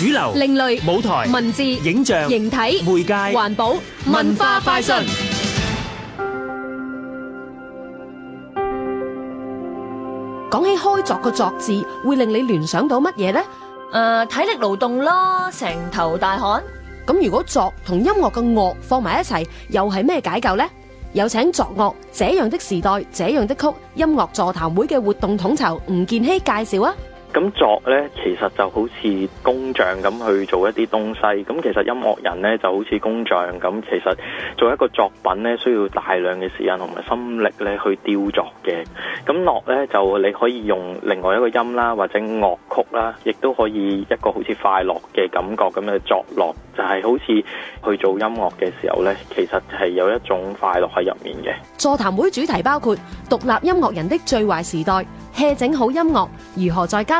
主流、另類舞台、文字、影像、形體、媒介、環保、文化快訊。講起開作個作字，會令你聯想到乜嘢呢？誒，體力勞動咯，成頭大汗。咁如果作同音樂嘅樂放埋一齊，又係咩解構呢？有請作樂，這樣的時代，這樣的曲，音樂座談會嘅活動統籌吳建熙介紹啊！咁作咧，其實就好似工匠咁去做一啲東西。咁其實音樂人咧就好似工匠咁，其實做一個作品咧需要大量嘅時間同埋心力咧去雕琢嘅。咁樂咧就你可以用另外一個音啦，或者樂曲啦，亦都可以一個好似快樂嘅感覺咁樣去作樂，就係好似去做音樂嘅時候咧，其實係有一種快樂喺入面嘅。座談會主題包括獨立音樂人的最壞時代、舎整好音樂如何再加。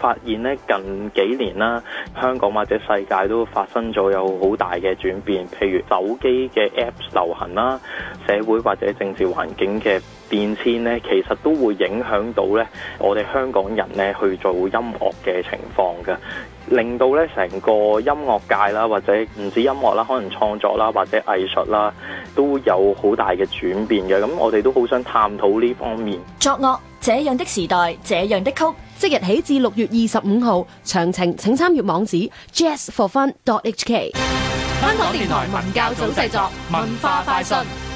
發現咧，近幾年啦，香港或者世界都發生咗有好大嘅轉變，譬如手機嘅 Apps 流行啦，社會或者政治環境嘅變遷咧，其實都會影響到咧我哋香港人咧去做音樂嘅情況㗎，令到咧成個音樂界啦，或者唔止音樂啦，可能創作啦或者藝術啦，都有好大嘅轉變嘅。咁我哋都好想探討呢方面。作樂，這樣的時代，這樣的曲。即日起至六月二十五號，詳情請參閱網址 jazzforfun.hk。香港電台文教組製作，文化快訊。